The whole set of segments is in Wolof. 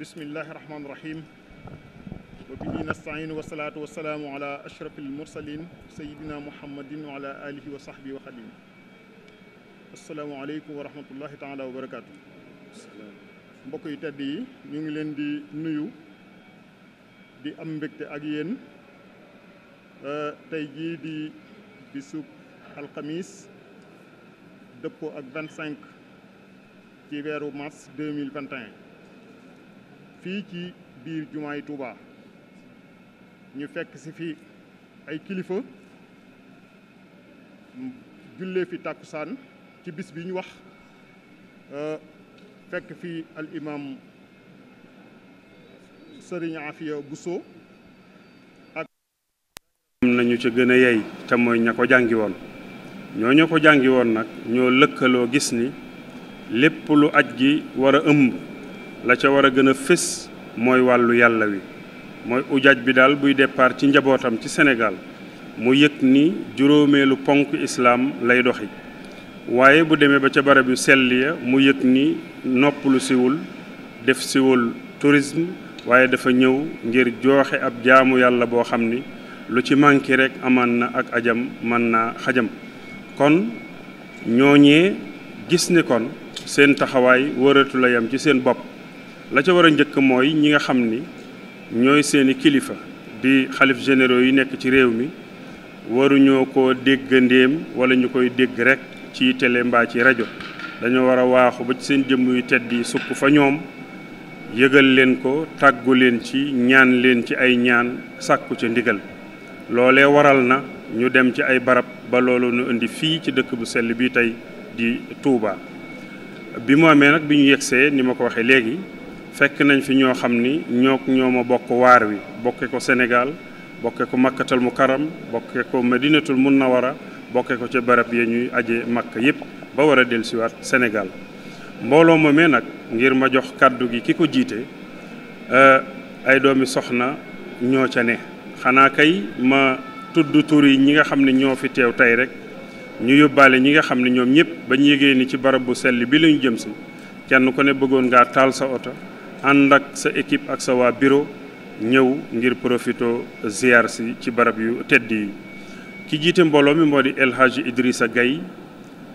bismillahi rahmaani rahim wa bihi nastain wasalaatu wasalaamu ala ashrafil mursalin sayidina muhammadin wa ala alihi wa sahbihi wa xadim asalaamu aleykum wa rahmatullahi taala wa barakaatu mbokk yu yi ñu ngi leen di nuyu di am mbégte ak yéen tey jii di bisub alxamis dëppoo ak vingt cinq ci weeru mars deux mille vingt fii ci biir jumaay Touba ñu fekk si fi ay kilifa jullee fi tàkkusaan ci bis bi ñu wax euh, fekk fi al imam sëriñ Afia Bousso ak am nañu ci gën a yey te mooy ña ko jàngi woon ñoo ñoo ko jàngi woon nag ñoo lëkkaloo gis ni lépp lu aj gi war a ëmb la ca war a gën a fés mooy wàllu yàlla wi mooy ujaaj bi daal buy départ ci njabootam ci Sénégal mu yëg ni juróomeelu ponk islaam lay doxi waaye bu demee ba ca barab yu sell ya mu yëg ni noppalu def siwul tourisme waaye dafa ñëw ngir joxe ab jaamu yàlla boo xam ni lu ci manqué rek amaan na ak ajam mën naa xajam kon ñooñee gis ni kon seen taxawaay wëratu la ci seen bopp la ca war a njëkk mooy ñi nga xam ni ñooy seeni kilifa di xalif généraux yi nekk ci réew mi waruñoo ko déggandéem ndéem wala ñu koy dégg rekk ci télé mbaa ci rajo dañoo war a waaxu ba ci seen jëmm yu tedd yi sukk fa ñoom yëgal leen ko tàggu leen ci ñaan leen ci ay ñaan sàkku ca ndigal loole waral na ñu dem ci ay barab ba loolu nu indi fii ci dëkk bu sell bi tey di Touba bi mu amee nag bi ñu yegsee ni ma ko waxee léegi fekk nañ fi ñoo xam ni ñook ñoo ma bokk waar wi bokke ko Sénégal bokke ko makkatal mu karam bokke ko na munawara bokke ko ci barab ya ñuy aje makka yépp ba war a dellusiwaat Sénégal mbooloo moomee nag ngir ma jox kàddu gi ki ko jiite eh, ay doomi soxna ñoo ca ne xanaa kay ma tudd tur yi ñi nga xam ne ñoo fi teew tey rek ñu yóbbaale ñi nga xam ne ñoom ñépp ba ñu yégee ni ci barab bu selli bi lañu jëm si kenn ku ne bëggoon ngaa taal sa oto ànd ak sa équipe ak sa waa bureau ñëw ngir profito ziar si ci barab yu tedd yi ki jiite mbooloo mi moo di El Hadji Idrissa Gaye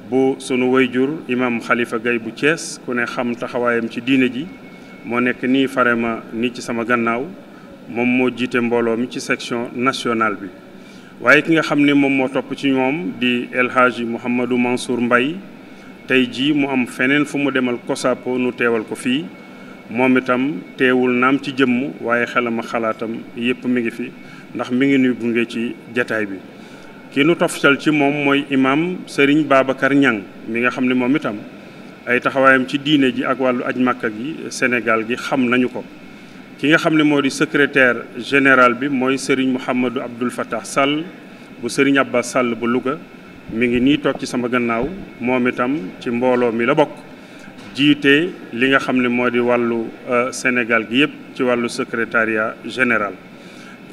bu sunu wayjur imam xalifa Gaye bu Thiès ku ne xam taxawaayam ci diine ji moo nekk nii farema nii ci sama gannaaw moom moo jiite mbooloo mi ci section nationale bi waaye ki nga xam ne moom moo topp ci moom di El Hadji Mouhamadou Mansour Mbaye tey jii mu am feneen fu mu demal COSAPO nu teewal ko fii moom itam teewul naam ci jëmm waaye xelam ak xalaatam yëpp mi ngi fi ndax mi ngi nuy gunge ci jataay bi ki nu toftal ci moom mooy imaam Serigne Babacar Niang mi nga xam ne moom itam ay taxawaayam ci diine ji ak wàllu aj màkka gi Sénégal gi xam nañu ko ki nga xam ni moo di secretaire général bi mooy Serigne Mouhamadou Abdoul Fattah Sall bu Serigne Abbas Sall bu Louga mi ngi nii toog ci sama gannaaw moom itam ci mbooloo mi la bokk jiite li nga xam ne moo di wàllu euh, Sénégal gi yëpp ci wàllu secrétariat général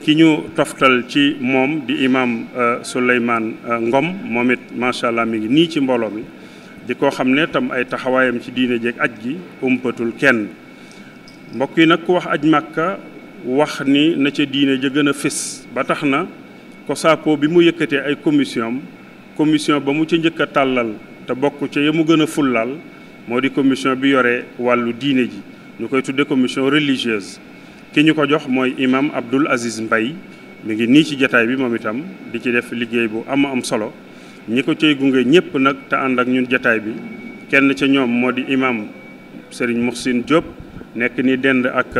ki ñu toftal ci moom di imam euh, Souleymane euh, Ngom moom it macha allah mi ngi nii ci mbooloo mi di ko xam ne tam ay taxawaayam ci diine jeeg aj gi umpatul kenn mbokk yi nag ku wax aj màkka wax ni na ca diine ja gën a fés ba tax na COSAPO bi mu yëkkatee ay commission am commission ba mu ca njëkk a tàllal te bokk ca ya mu gën a fullaal moo di commission bi yore wàllu diine ji ñu koy tudde commission religieuse ki ñu ko jox mooy imam Abdoul Aziz mbay mi ngi nii ci jataay bi moom itam di ci def liggéey bu am am solo ñi ko cay gunge ñëpp nag te ànd ak ñun jataay bi kenn ca ñoom moo di imam Serigne Mouhsine Diop nekk ni dend ak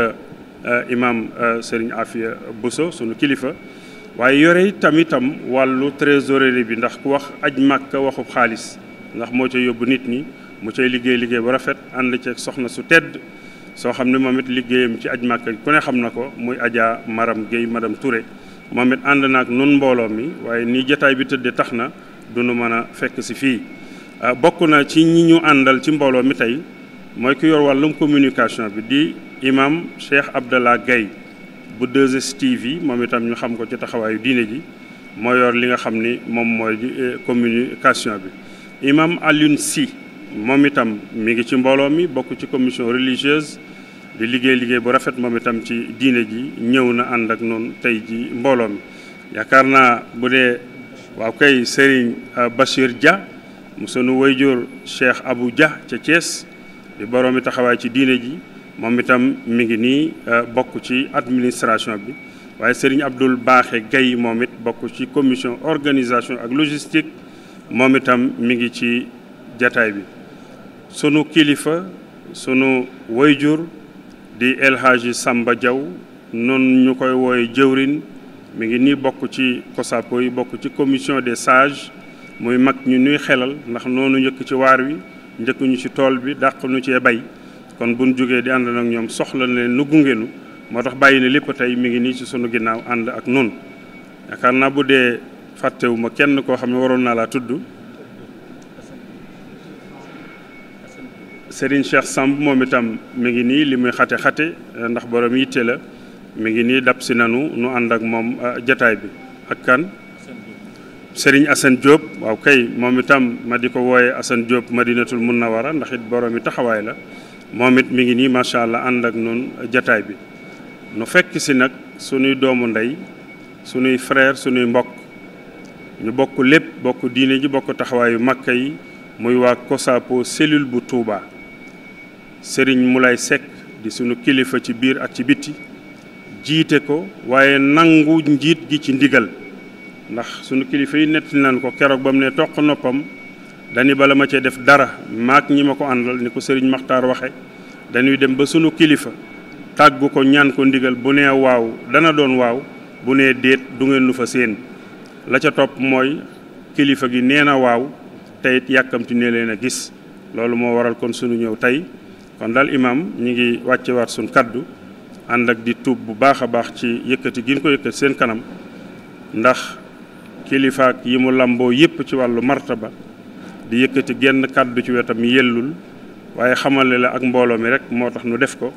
eh, imam eh, Serigne Afia Bousso sunu kilifa waaye yore itam wàllu trésorerie bi ndax ku wax aj màkka waxu xaalis ndax moo ca yóbbu nit ñi mu cay liggéey liggéey bu rafet ànd ceeg soxna su tedd soo xam ne moom it liggéeyam ci aj màkk ku ne xam na ko muy ajaa maram géey maram Touré moom it ànd naag nun mbooloo mi waaye nii jataay bi tëddee tax na du nu mën a fekk si fii ah, bokk na ci ñi ñu àndal ci mbooloo mi tey mooy ku yor wàllum communication bi di imam Cheikh Abdallah Guèye bu 2STV moom itam ñu xam ko ci taxawaayu diine ji moo yor li nga xam ni moom mooy eh, communication bi imam Alioune Sy moom itam mi ngi ci mbooloo mi bokk ci commission religieuse di liggéey liggéey bu rafet moom itam ci diine ji ñëw na ànd ak noon tey ji mbooloo mi yaakaar naa bu dee waaw kay Serigne euh, Bachir Dia mu sunu wayjur Cheikh abu ja ca Thiès di boroomi taxawaay ci diine ji moom itam mi ngi nii euh, bokk ci administration bi waaye Serigne Abdoul Baaxe Gaye moom it bokk ci commission organisation ak logistique moom itam mi ngi ci jataay bi sunu kilifa sunu woyjur di El Hadji Samba Diaw noonu ñu koy wooye jëwrin mu ngi nii bokk ci COSAPO yi bokk ci commission des sages muy mag ñu nuy xelal ndax noonu njëkk ci waar wi njëkk ñu ci tool bi dàq nu cee bay kon buñ jógee di ànd nag ñoom soxla na leen nu gungenu moo tax bàyyi ne lépp tey mi ngi nii ci sunu ginnaaw ànd ak noonu yaakaar naa bu dee fàttewuma kenn koo xam ne waroon naa laa tudd Serigne Cheikh Samb moom itam mi ngi nii limuy muy xate-xate eh, ndax borom yitte la mi ngi nii dab si nanu nu ànd ak moom eh, jataay bi ak kan Serigne Assane Diop waaw kay moom itam ma di ko wooyee Assane Diop Madinatul Munawara ndax it borom yi taxawaay la moom it mi ngi nii macha allah ànd ak noonu eh, jataay bi nu fekk si nag sunuy doomu ndey sunuy frère sunuy mbokk ñu bokk lépp bokk diine ji bokk taxawaayu makka yi muy waa COSAPO cellule bu Touba Serigne Moulay Seck di sunu kilifa ci biir ak ci bitti jiite ko waaye nangu njiit gi ci ndigal ndax sunu kilifa yi netti nañ ko keroog ba mu ne toq noppam dañu bala ma cee def dara maak ñi ma ko àndal ni ko sëriñ Maxtaar waxe dañuy dem ba sunu kilifa tàggu ko ñaan ko ndigal bu nee waaw dana doon waaw bu nee déet du ngeen nu fa séen la ca topp mooy kilifa gi nee na waaw tey yàkkamti ne leen a gis loolu moo waral kon sunu ñëw tey kon daal imaam ñi ngi wàcce waat suñ kàddu ànd ak di tuub bu baax a baax ci yëkkati gi ñu ko yëkkati seen kanam ndax kilifaak yi mu làmboo yépp ci wàllu martaba di yëkkati genn kàddu ci wetam yellul waaye xamale la ak mbooloo mi rek moo tax nu def ko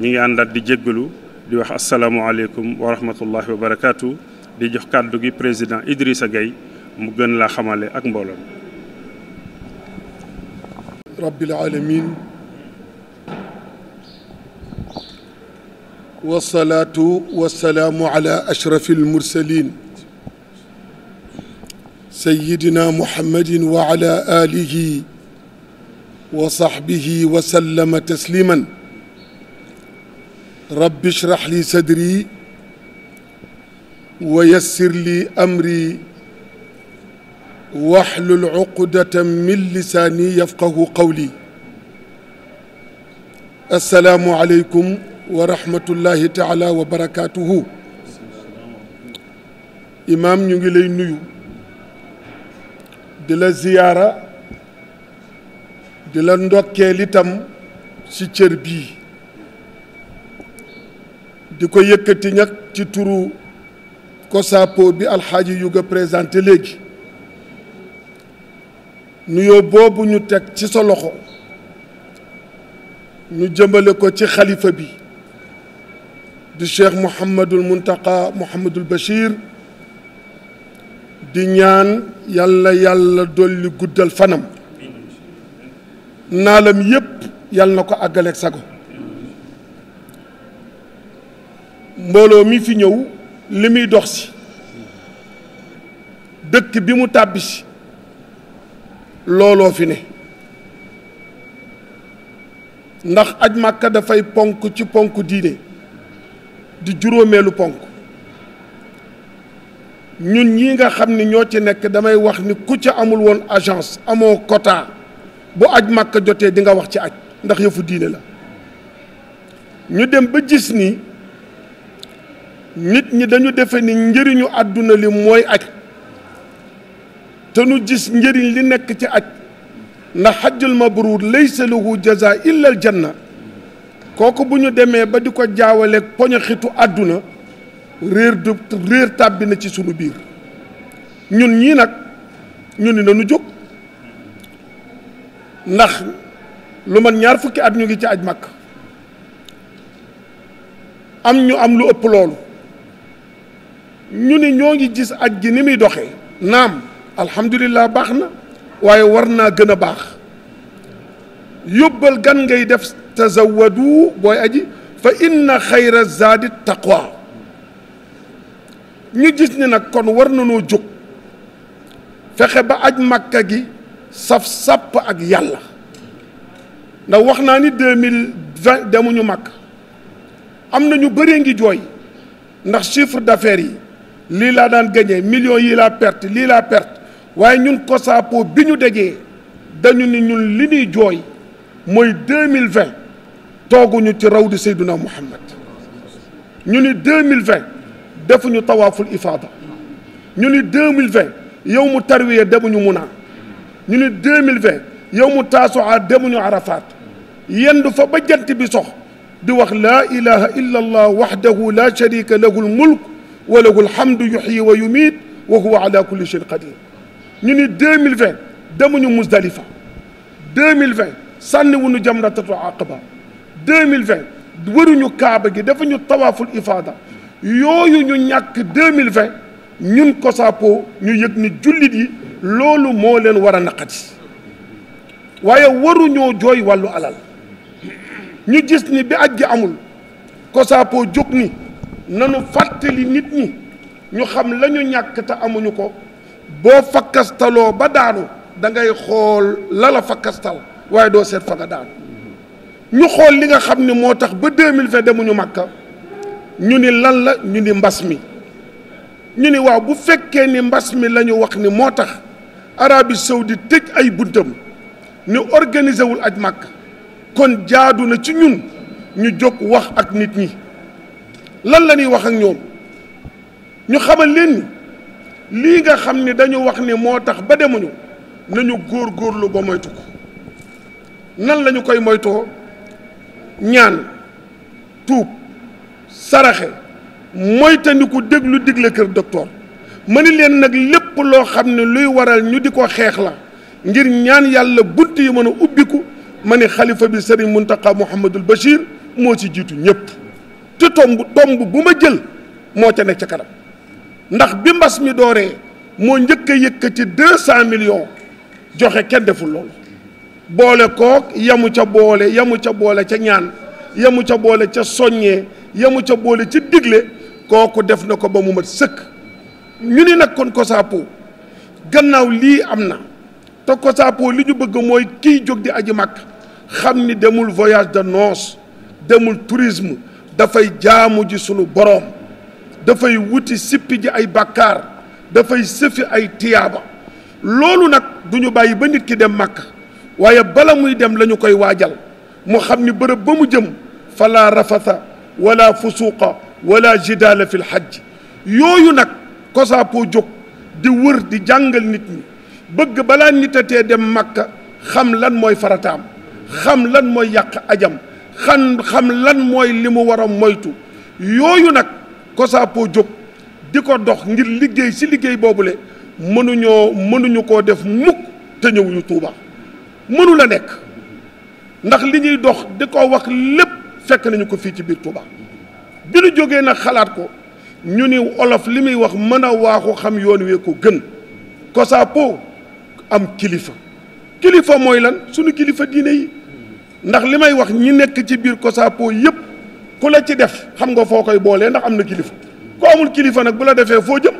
ñi ngi ànd àndaat di jéggalu di wax asalaamualeykum wa rahmatullahi wa barakaatu di jox kàddu gi président a Gueye mu gën la xamale ak mbooloo mi wasalaatu wasalaamu ala ashrafi almursalin sayidina muhammadin wa ala alihi wa sahbihi wa sallama tasliman rabbi shrah li sadri wa yassir li amri wahlul uqdatan min lisaani yafqahu qawli asalaamu aleykum wa rahmatullahi taala wa barakaatuhu imaam ñu ngi lay nuyu di la ziyaara di la ndokkeel itam ci cër bii di ko yëkkati ñag ci turu ko saapo bi alxaaji yu nga présenté léegi nuyoo boobu ñu teg ci sa loxo ñu jëmbale ko ci xalifa bi di cheikh Mouhamadul Muntaqa Mouhamadul Bachir di ñaan yàlla yàlla dolli guddal fanam naalam yépp yàlla na ko àggaleeg sago mbooloo mi fi ñëw li muy dox si dëkk bi mu tàbbi looloo fi ne ndax aj màkka dafay ponk ci ponk diine di juróomeelu ponk ñun ñi nga xam ni ñoo ci nekk damay wax ni ku ca amul woon agence amoo kota bu aj màkk jotee di nga wax ci aj ndax yëfu diine la ñu dem ba gis ni nit ñi dañu defe ni njëriñu àdduna li mooy aj te nu gis njëriñ li nekk ci aj ndax xajjul mabruur laysa lahu jaza illa al na kooku bu ñu demee ba di ko jaawaleeg poño àdduna réer du réer tàbbi na ci sunu biir ñun ñii nag ñu ni nañu jóg ndax lu man ñaar fukki at ñu ngi ci aj mag am ñu am lu ëpp loolu ñu ni ñoo ngi gis aj gi ni muy doxe naam alhamdulilah baax na waaye war naa gën a baax yóbbal gan ngay def tazawadu booy aji fa inna xayra zaadi taqwa ñu gis ni nag kon war nañoo jóg fexe ba aj màkka gi saf sàpp ak yàlla ndax wax naa ni deux mille demuñu màkk am na ñu bëree ngi jooy ndax chiffre d'affaires yi lii laa daan gagné million yi laa perte lii laa perte waaye ñun COSAPO bi ñu degee dañu ni ñun li ñuy jooy mooy deux mille vingt tooguñu ci rawdu Seydina Muhammad ñu ni deux mille vingt defuñu tawaaful ifaada ñu ni deux mille vingt yow mu tarwiya demuñu munaa ñu ni deux mille vingt yow mu taasuwaa demuñu arafaat yendu fa ba jant bi sox di wax la ilaha illa allah waxdahu la sharika lahu lmulk wa lahu lhamdu yuxyi wa yumiit wa huwa ala kulli shayin qadir ñu ni deux mille vingt demuñu musdalifa deux mille vingt sànni wuñu jamratul aqaba deux mille vingt waruñu kaaba gi dafa ñu tawaaful ifaada yooyu ñu ñàkk deux mille vingt ñun COSAPO ñu yëg ni jullit yi loolu moo leen war a naqati waaye waruñoo jooy wàllu alal ñu gis ni bi aj amul COSAPO jóg ni nanu fàttali nit ñi ñu xam lañu ñu ñàkk te amuñu ko boo fakkastaloo ba daanu da xool la la fakkastal waaye doo seet fa nga daanu ñu xool li nga xam ni moo tax ba deux mille vingt demuñu Makka ñu ni lan la ñu ni mbas mi ñu ni waaw bu fekkee ni mbas mi lañu wax ni moo tax Arabie saoudite tëj ay buntam ni organisé wul aj Makka kon jaadu na ci ñun ñu jóg wax ak nit ñi lan la ñuy wax ak ñoom ñu xamal leen lii nga xam ni dañu wax ni moo tax ba demuñu nañu góor góorlu ba moytu ko nan lañu koy moytoo ñaan tuub saraxe moytandiku déglu digle kër ma ni leen nag lépp loo xam ne luy waral ñu di ko xeex la ngir ñaan yàlla bunt yi mën a ubbiku ma ni xalifa bi sëriñ Muntaqa Mouhamadul Bachir moo ci jiitu ñëpp te tomb tomb bu ma jël moo ca nekk ca kanam ndax bi mbas mi dooree moo njëkk a yëkkati deux cent millions joxe kenn deful loolu boole kook yamu ca boole yamu ca boole ca ñaan yamu ca boole ca soññee yamu ca boole ci digle kooku def na ko ba mu mat sëkk ñu ni nag kon COSAPO gannaaw lii am na te COSAPO li ñu bëgg mooy kiy jóg di aji màkk xam ni demul voyage de noces demul tourisme dafay jaamu ji sunu boroom dafay wuti sippi ji ay bàkkaar dafay sëfi ay tiyaaba loolu nag du ñu bàyyi ba nit ki dem màkk waaye bala muy dem lañu koy waajal mu xam ni bërëb ba mu jëm fala rafata wala fusuqa wala jidaala fi lxajj yooyu nag COSAPO jóg di wër di jàngal nit ñi bëgg balaa nitatee dem màkka xam lan mooy farataam xam lan mooy yàq ajam xam xam lan mooy li mu war moytu yooyu nag COSAPO jóg di ko dox ngir liggéey si liggéey boobu le mënuñoo mënuñu ko def mukk te ñëwuñu Tuuba mënu la nekk ndax li ñuy dox di ko wax lépp fekk nañu ko fii ci biir Touba bi nu jógee nag xalaat ko ñu ni olof li muy wax mën a waaxu xam yoon wee ko gën kosaapo am kilifa kilifa mooy lan suñu kilifa diine yi ndax li may wax ñi nekk ci biir COSAPO yëpp ku la ci def xam nga foo koy boolee ndax am na kilifa ku amul kilifa nag bu la defee foo jëm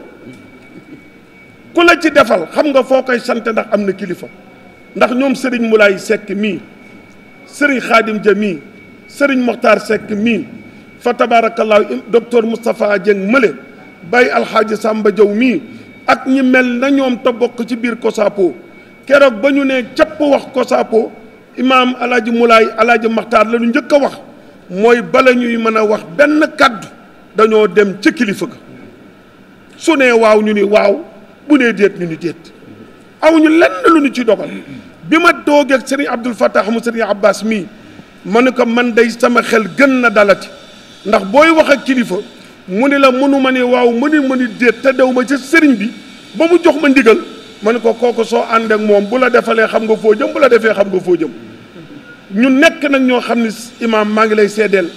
ku la ci defal xam nga foo koy sant ndax am na kilifa ndax ñoom sëriñ Moulay sekk mii Serigne Khadim Dia mii Serigne Mokhtar Seck mii fa tabaarakallaahu docteur Moustapha Dieng Mële Baye Alxaaji sàmba Diaw mii ak ñi mel na ñoom te ci biir COSAPO keroog ba ñu ne capp wax COSAPO imaam Alaaji Moulay Alaaji Mokhtar la njëkk a wax mooy bala ñuy mën a wax benn kàddu dañoo dem ci kilifa ga su nee waaw ñu ni waaw bu nee déet ñu ni déet ñu lenn lu ñu ci dogal bi ma toogee ak sëriñ Abdul Fattah mu sëriñ Abbas mii ma ne ko man dey sama xel gën na dalati ndax booy wax ak kilifa mu ne la mënu ma ne waaw mënu ma ne déet te dew ma ci sëriñ bi ba mu jox ma ndigal ma ne ko kooku soo ànd moom bu la defalee xam nga foo jëm bu la defee xam nga foo jëm ñu nekk nag ñoo xam ne imaam maa ngi lay seedeel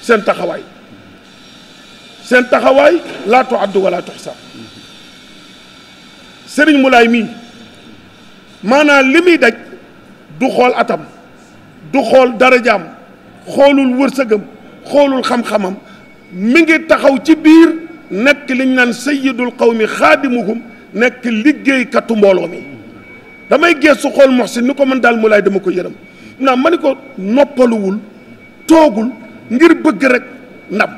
seen taxawaay seen taxawaay laa tuaddu wala tuxsa sëriñ Moulay mii. maanaam li muy daj du xool atam du xool darajaam xoolul wërsëgam xoolul xam-xamam mi ngi taxaw ci biir nekk liñ naan sayyidul qawmi xaadimuhum nekk liggéeykatu mbooloo mi damay geesu xool Muhsin ni ko man daal mu laay dama ko yërëm naa ma ni ko noppaluwul toogul ngir bëgg rek ndam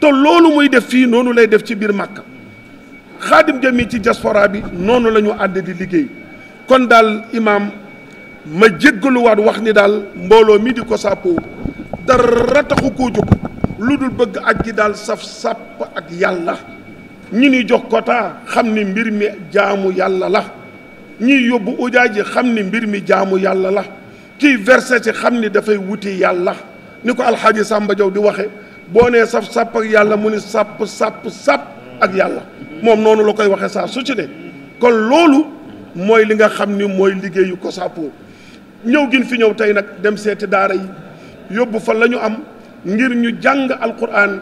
te loolu muy def fii noonu lay def ci biir Màkka xaadim jami ci diaspora bi noonu la ñu ànd di liggéey kon daal imaam ma jéggaluwaat wax ni daal mbooloo mi di ko sàppoo dara taxu koo jóg lu dul bëgg aj gi daal saf sàpp ak yàlla ñu ni jox kotaa xam ni mbir mi jaamu yàlla la ñiy yóbbu ujaa ji xam ni mbir mi jaamu yàlla la kiy verset ci xam ni dafay wuti yàlla ni ko alxaaji Sàmba Jaw di waxe boo nee saf sàpp ak yàlla mu ni sàpp sàpp sàpp ak yàlla moom noonu la koy waxe saa su ci ne kon loolu mooy li nga xam ni mooy liggéeyu COSAPO ñëw gin fi ñëw tey nag dem seeti daara yi yóbbu fa la ñu am ngir ñu jàng alquran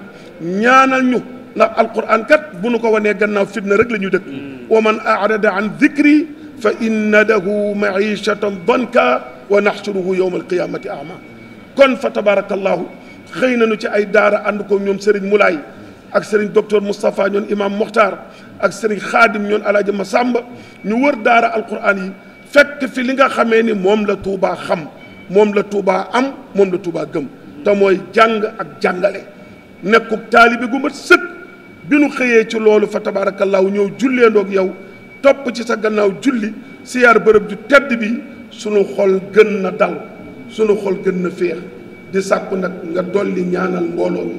ñaanal ñu ndax alquran kat bu nu ko wanee gannaaw fitna rek la ñu dëkk mm. wa man arada an dikri fa inna lahu maishatan danka wa naxsuruhu yowma alqiyamati ama kon fa tabarakallahu xëy nañu ci ay daara ànd ko ñoom seriñ Moulay ak Serigne docteur Moustapha ñoon imam Mokhtar ak sëriñ xaadim ñoon alaaji sàmba ñu wër daara alquran yi fekk fi li nga xamee ni moom la Touba xam moom la tuubaa am moom la Touba gëm te mooy jàng ak jàngale nekkuk taalibe gu mat sëkk bi nu xëyee ci loolu fa tabaarakallaahu ñëw jullee ndoog yow topp ci sa gannaaw julli siyaar bërëb ju tedd bi sunu xol gën na dal sunu xol gën na féex di sàkku nag nga dolli ñaanal mbooloo mi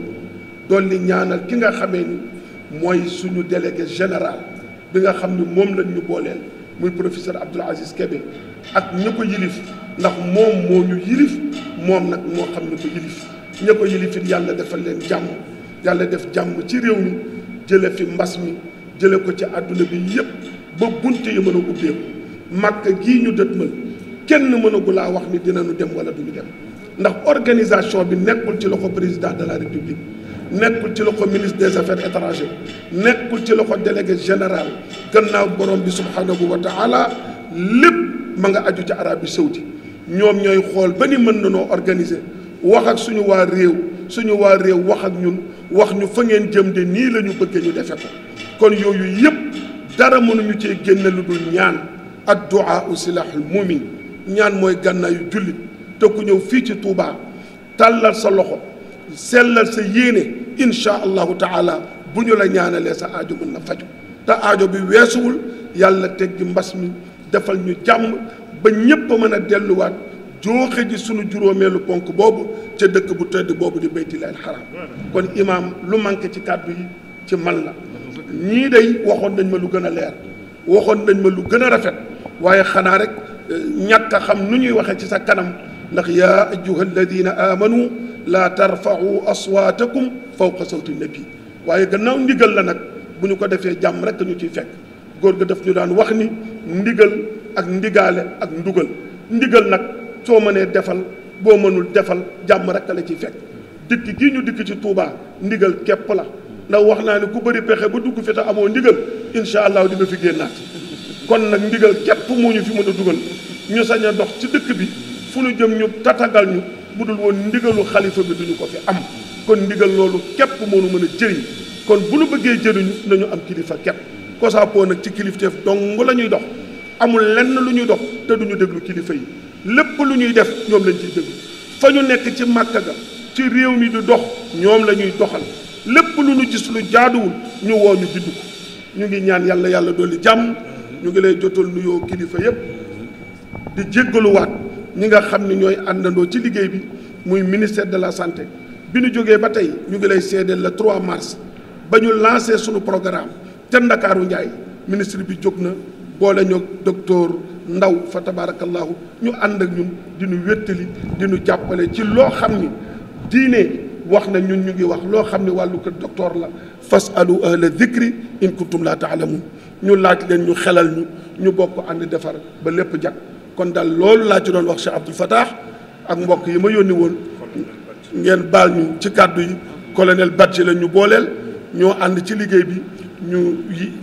dolli ñaanal ki nga xamee ni mooy suñu délégué général bi nga xam ni moom lañ ñu booleel muy professeur Abdoul Aziz Kébé ak ña ko yilif ndax moom moo ñu yilif moom nag moo xam ne ko yilif ña ko yilifit yàlla defal leen jàmm yàlla def jàmm ci réew mi jële fi mbas mi jële ko ci àdduna bi yépp ba bunt yi mën a ubbeeku màkk gii ñu dëtmal kenn mënagulaa wax ni dinañu dem wala duñu dem ndax organisation bi nekkul ci loxo président de la république nekkul ci loxo ministre de affaires étrangères nekkul ci loxo délégué général gannaaw borom bi subhanahu wa taala lépp ma nga aju ci Arabie saoudi ñoom ñooy xool ba ni mën nanoo organiser wax ak suñu waa réew suñu waa réew wax ak ñun wax ñu fa ngeen jëm de nii la ñu bëggee ñu defe ko kon yooyu yëpp dara mënuñu cee génne lu dul ñaan ak duaa u silahul mumin ñaan mooy gànnaayu jullit te ku ñëw fii ci Touba tàllal sa loxo sellal sa yéene incha allahu taala bu ñu la ñaanalee sa aajo mën na faju te ajo bi weesuwul yàlla teg teggi mbas mi defal ñu jàmm ba ñépp mën a delluwaat jooxe ji sunu juróomeelu ponk boobu ca dëkk bu tëdd boobu di baytilaal xaram kon imaam lu manqué ci kàddu yi ci mal la ñii day waxoon nañ ma lu gën a leer waxoon nañ ma lu gën a rafet waaye xanaa rek eh, ñàkk a xam nu ñuy waxee ci sa kanam ndax yaa ayyuha alladina amanu laa tarfau aswaatakum fawqa sawti nabi waaye gannaaw ndigal la nag bu ñu ko defee jàmm rek ñu ciy fekk góor gi daf ñu daan wax ni ndigal ak ndigaale ak ndugal ndigal nag soo mënee defal boo mënul defal jàmm rek la ciy fekk dikk gii ñu dikk ci Touba ndigal képp la ndax wax naa ne ku bëri pexe ba dugg fi te amoo ndigal incha allah di nga fi génnaat kon nag ndigal képp moo ñu fi mën a dugal ñu sañ a dox ci dëkk bi fu ñu jëm ñu tatagal ñu bu dul woon ndigalu xalifa bi duñu ko fi am kon ndigal loolu képp moonu mën a jëriñ kon bu nu bëggee jëriñu nañu am kilifa képp kosaapoo nag ci kilifa kilifteef dong la ñuy dox amul lenn lu ñuy dox te duñu déglu kilifa yi lépp lu ñuy def ñoom lañ ci déglu fa ñu nekk ci màkka ga ci réew mi di dox ñoom la ñuy doxal lépp lu ñu gis lu jaaduwul ñu woo ñu bind ko ñu ngi ñaan yàlla yàlla dolli jàmm ñu ngi lay jotul nuyoo kilifa yëpp di jéggaluwaat ñi nga xam ne ñooy àndandoo ci liggéey bi muy ministère de la santé bi ñu jógee ba tey ñu ngi lay seedeel le trois mars ba ñu lancé suñu programme te Ndakaaru Njaay ministre bi jóg na boole ñoo docteur Ndaw fa tabarakallahu ñu ànd ak ñun di ñu wéttali di ñu jàppale ci loo xam ni diine wax na ñun ñu ngi wax loo xam ne wàllu kër docteur la fas alu ahla dikri in kuntum laa taalamun ñu laaj leen ñu xelal ñu ñu bokk ànd defar ba lépp jag kon daal loolu laa ci doon wax si Abdoul Fattah ak mbokk yi ma yónni woon ngeen baal ñu ci kàddu yi colonel Badji la ñu booleel ñoo ànd ci liggéey bi ñu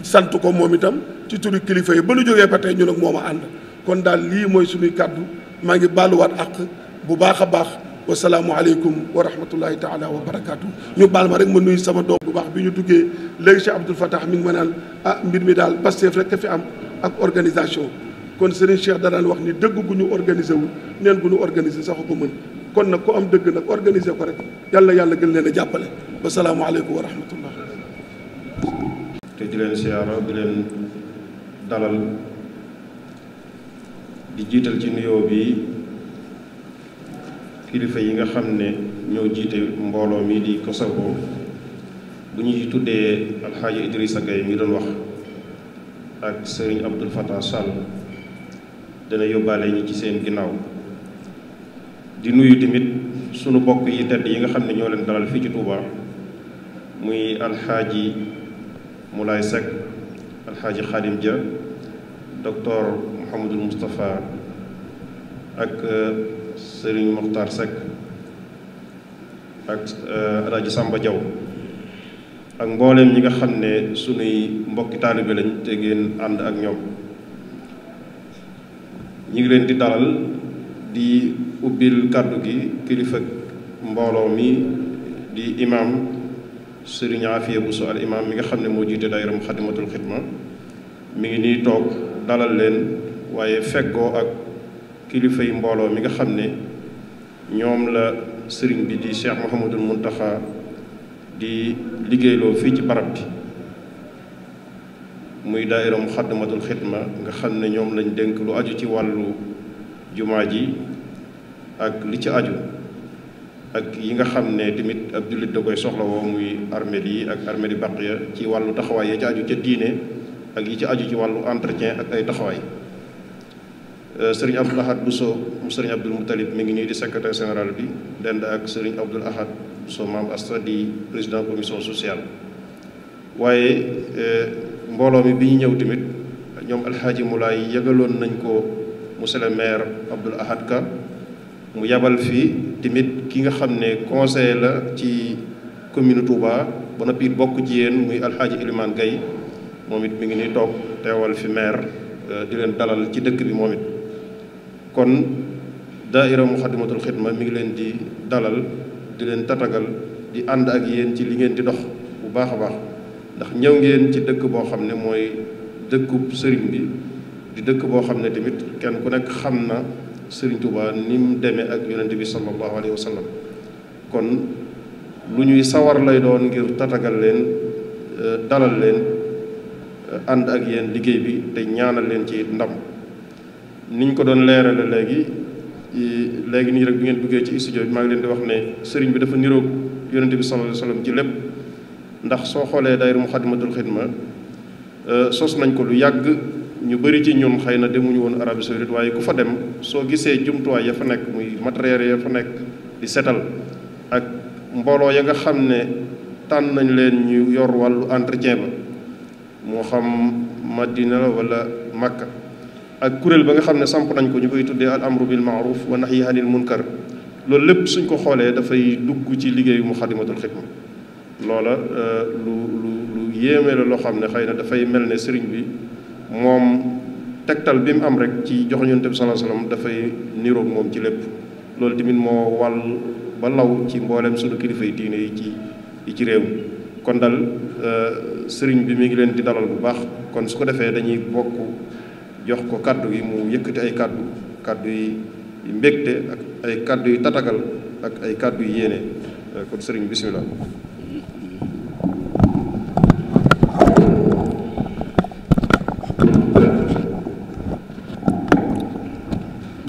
sant ko moom itam ci turu kilifa yi ba nu jógee ba tey ñun ak moom a ànd kon daal lii mooy suñuy kàddu maa ngi baaluwaat ak bu baax a baax wasalaamualeykum wa rahmatullahi taala wa barakaatu ñu baal ma rek ma nuyu sama doom bu baax bi ñu duggee léegi si Abdoul Fattah mi ngi ma naan ah mbir mi daal Pastef rek fi am ak organisation kon Serigne Cheikh danaan wax ni dëgg gu ñu organisé wul neen gu ñu organisé sax ko mën kon nag ku am dëgg nag organisé ko rek yàlla yàlla gën leen a jàppale wasalaamualeykum wa rahmatullah te di leen siyaara di leen dalal di jiital ci nuyoo bi kilifa yi nga xam ne ñoo jiite mbooloo mii di Kosovo bu ñuy tuddee alxaaji Idrissa Gaye mi doon wax ak sëriñ Abdul Fattah Sall dana yóbbaale ñi ci seen ginnaaw di nuyu tamit sunu bokk yi tedd yi nga xam ne ñoo leen dalal fii ci Touba muy alxaaji Moulay Seck alxaaji Xaadim Dia docteur Mouhamadul Moustapha ak euh, Serigne Mokhtar Seck ak euh, alaaji Samba jaw ak mbooleem ñi nga xam ne sunuy mbokki taalibe lañ te ngeen ànd ak ñoom ñi ngi leen di dalal di ubbil kàddu gi kilifa mbooloo mi di imaam Serigne Afia Bousso al imaam mi nga xam ne moo jiite daayira Muxaddamatul Xidma mi ngi nii toog dalal leen waaye feggoo ak kilifay mbooloo mi nga xam ne ñoom la sëriñ bi di Cheikh Mouhamadul Muntaxa di liggéeyloo fii ci barab bi muy daaira muxaddamatul xidma nga xam ne ñoom lañu dénk lu aju ci wàllu jumaa ji ak li ci aju ak yi nga xam ne tamit ab jullit da koy soxla woo muy armeel yi ak armeel yi baq ya ci wàllu taxawaay ya ci aju ca diine ak yi ci aju ci wàllu entretien ak ay taxawaay euh, sëriñ Abdul Ahad Bousso mu sëriñ Abdul Moutalib mi ngi nii di secrétaire général bi dend ak sëriñ Abdul Ahad Bousso maam asta di président commission sociale waaye euh, mbooloo mi bi ñu ñëw tamit ñoom alxaaji Mulaay yëgaloon nañ ko monsieur le maire Abdoul Ahad mu yebal fii tamit ki nga xam ne conseiller la ci commune Touba ba noppi bokk ci yéen muy alxaaji Elimane Gaye moom it mu ngi ni toog teewal fi maire euh, di leen dalal ci dëkk bi moom it kon daaira Muxaddamatul Xidma mi ngi leen di dalal di leen tatagal di ànd ak yéen ci li ngeen di dox bu baax a baax ndax ñëw ngeen ci dëkk boo xam ne mooy dëkkub sëriñ bi di dëkk boo xam ne tamit kenn ku nekk xam na sëriñ Touba ni mu demee ak yonent bi sallallahu alayhi wa kon lu ñuy sawar lay ngir tatagal leen euh, dalal leen euh, ànd ak yéen liggéey bi te ñaanal leen ci ndam niñ ko doon leerale léegi léegi nii rek bi ngeen duggee ci studio maa ngi leen di wax ne sëriñ bi dafa niroog yonent bi sallallahu alayhi wa sallam ci lépp ndax soo xoolee day daayira Muxaddamatul Xidma euh, sos nañ ko lu yàgg ñu bëri ci ñoom xëy na demuñu woon Arabie Saoudite waaye ku fa dem soo gisee jumtuwaay ya fa nekk muy matériel ya fa nekk di setal ak mbooloo ya nga xam ne tànn nañ leen ñu yor wàllu entretien ba moo xam Madina la wala Makka ak kuréel ba nga xam ne samp nañ ko ñu koy tuddee al amru bil maaruf wa nahyi anil munkar loolu lépp suñ ko xoolee dafay dugg ci liggéeyu mu Muxaddamatul Xidma loola euh, lu lu lu yéeme la loo xam ne xëy na dafay mel ne sëriñ bi moom tegtal bi mu am rek ci jox yonent bi sallallahu alayhi wasallam dafay niroog moom ci lépp loolu tamit moo wàll ba law ci mbooleem sunu kilifa yi diine yi ci yi ci réew mi kon dal euh, sëriñ bi mi ngi leen di dalal bu baax kon su ko defee dañuy bokk jox ko kàddu yi mu yëkkati ay kàddu kàddu yi mbégte ak ay kàddu yi tatagal ak ay kàddu yi yéene euh, kon sëriñ bisimilah.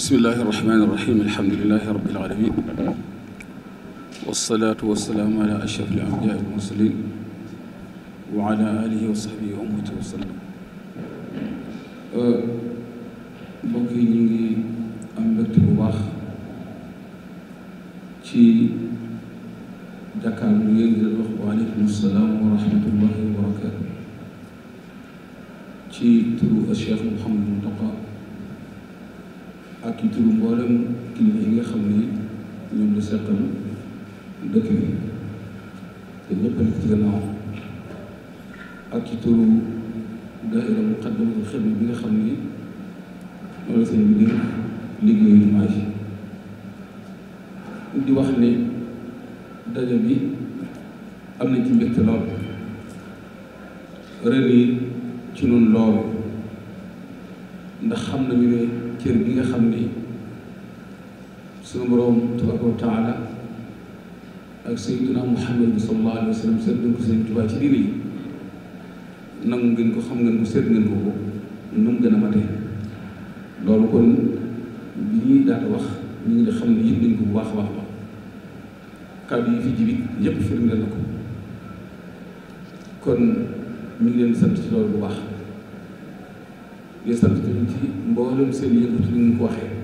bismillahi irrahmani irrahim alhamdulilahi rabilalamin walsalaatu walsalaamu ala ashraf alambiya walmursalin wa ala alihi wa sahbihi wa ummati wa sallam tam dëkk bi te ñëpp nekk ci gannaaw ak ci turu daayira Muqaddamatul Xidma bi nga xam ni moom la sëñ bi di liggéeyu jumaa ji di wax ne daje bi am na ci mbégte lool ren yi ci noonu lool ndax xam nañu ne cër bi nga xam ni suñu boroom tabaraka wa taala ak sayyidina Muhammad bi sallallahu alayhi wa sallam seet nañ ko seen Tuubaa ci diine yi nangu ngeen ko xam ngeen ko seet ngeen ko ko nu mu gën a mate loolu kon bi ñuy daata wax ñu ngi xam ne yëg nañ ko bu baax a baax baax yi fi jibit yépp firndeel na ko kon mu ngi leen sant ci loolu bu baax di sant ci mboolem seen yëngatu ni ñu ko waxee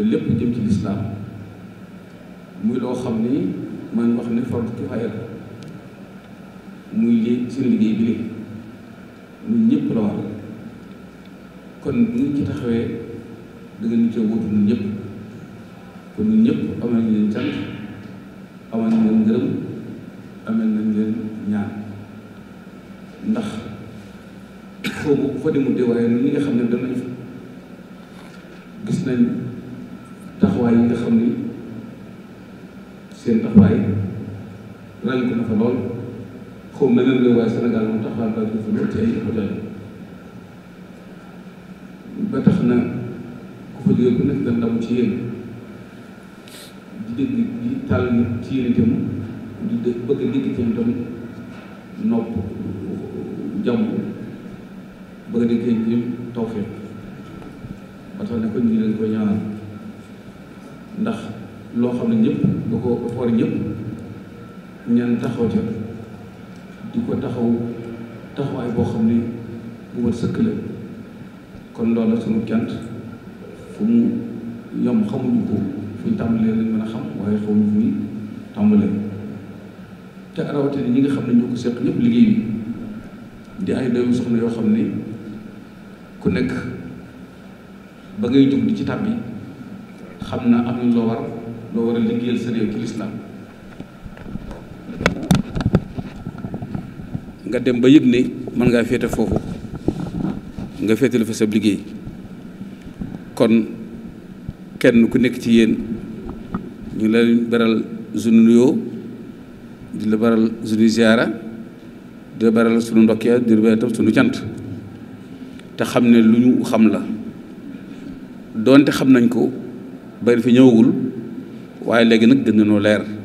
te lépp jëm ci lislaam muy loo xam ni man wax ne fardu kifaaya la muy li seen liggéey bi léegi ñun ñëpp la war kon bu ñu ci taxawee da nga ñu cee wóotu ñun ñëpp kon ñun ñëpp amal nañ leen cant amal nañ leen ngërëm amal nañ leen ñaan ndax foofu fa demutee waaye ñi nga xam ne dem nañ fa gis nañ. taxawaay yi nga xam ni seen taxawaay ba tax na ku fa jógee ku nekk da ndaw ci yéen di di tàll ni ci yéen itam di bëgg a dégg ci itam nopp jàmm bëgg a dégg ci itam tawfeex Khoudia di ko taxaw taxawaay boo xam ni bu ma sëkk la kon loolu suñu cant fu mu ñoom xamuñu ko fu ñu tàmbalee lañ mën a xam waaye xamuñu fu ñu tàmbalee te rawatina ñi nga xam ne ñoo ko seq ñëpp liggéey di ay doomu soxna yoo xam ni ku nekk ba ngay jug di ci tàbbi xam na am na loo war loo war a liggéeyal sa réew ci lislaam nga dem ba yëg ne mën ngaa féete foofu nga féetale fa sab liggéey kon kenn ku nekk ci yéen ñu la baral sunu nuyoo di la baral sunu ziyaara di la beral sunu ndokkee di la beral sunu cant te xam ne lu ñu xam la doonte xam nañ ko bari fi ñëwagul waaye léegi nag gën na noo leer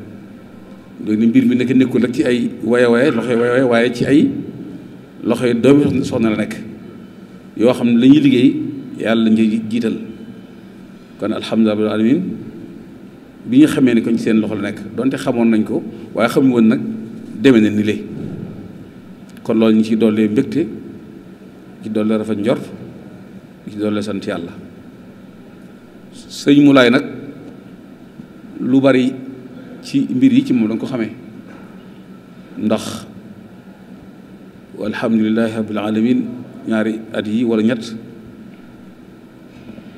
léegi ni mbir mi nekk nekkul rek ci ay waye waye loxo yi waye waye waaye ci ay loxo yi doomi soxna la nekk yoo xam ne lañuy liggéey yàlla ñu jiital kon alhamdulilah rabbil alamin bi ñu xamee ne ko ci seen loxo la nekk donte xamoon nañ ko waaye xamuñu woon nag deme na ni lay kon loolu ñu ci dollee mbégte ci dollee rafet njort ci dollee sant yàlla sëñ mu nag lu bari ci mbir yi ci moom danga ko xamee ndax alhamdulilahi rabbil alamin ñaari at yi wala ñett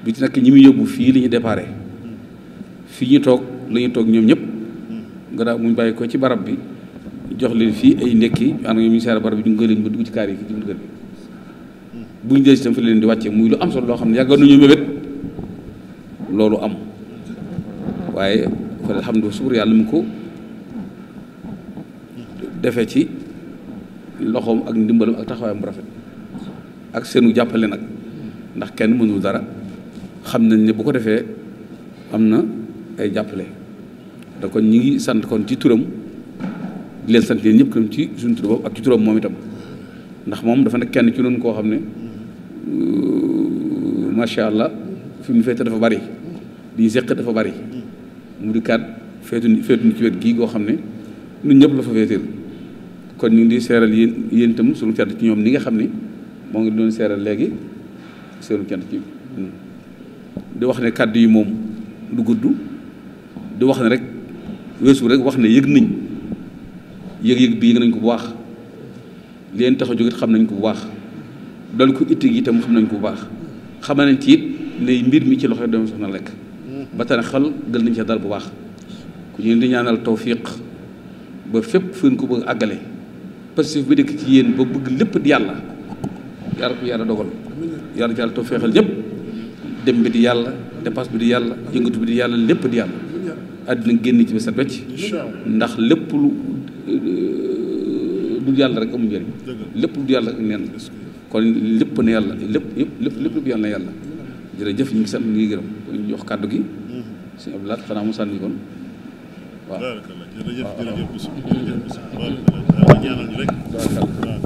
bi ci nekk ñi muy yóbbu fii li ñu déparé fii ñu toog la ñu toog ñoom ñëpp gannaaw muñ bàyyi ko ci barab bi jox leen fii ay ndekki ànd ñu ministère bi ñu ngi ba dugg ci kaar yi ci bunt kër bi buñ dee itam fi leen di wàccee muy lu am solo loo xam ne yàggoon nañu mébét loolu am waaye ko alhamdu suur yàlla mu ko defe ci loxoom ak ndimbalam ak taxawaayam bu ak seenu jàppale nag ndax kenn mënul dara xam nañ ne bu ko defee am na ay jàppale da kon ñi ngi sant kon ci turam di leen sant yéen ñëpp kon ci suñu tur ak ci turam moom itam ndax moom dafa nekk kenn ci noonu koo xam ne euh, macha allah fi mu féete dafa bari di ñu seq dafa bari mu di kat feetu feetu ci wet gii goo xam ne ñun ñëpp la fa féeteel kon ñu di seeral yéen yéen itam suñu cant ci ñoom ni nga xam ne moo ngi doon seeral léegi seenu cant ci di wax ne kàddu yi moom du gudd di wax ne rek weesu rek wax ne yëg nañ yëg-yëg bii yëg nañ ko bu baax leen tax a jógit xam nañ ko bu baax dal ko itti gi itam xam nañ ko bu baax xam nañ ci it ne mbir mi ci loxo doom soxna lekk ba tane xel gën nañ ca dal bu baax ku ñu di ñaanal tawfiq ba fépp fu ko bëgg àggale parce que bi dëkk ci yéen ba bëgg lépp di yàlla yàlla ko yàlla dogal yàlla ci yàlla tawfiqal ñëpp dem bi di yàlla dépense bi di yàlla yëngatu bi di yàlla lépp di yàlla àddina génn ci ba set ndax lépp lu du euh, yàlla rek lépp lu yàlla ak neen kon lépp na yàlla lépp lépp lépp lépp yàlla na yàlla jërëjëf ñu ngi sant ñu ngi gërëm ñu jox kàddu gi. Mm-hmm. sëñ Abdou Lahad xanaa mu sànni kon waaw. jërëjëf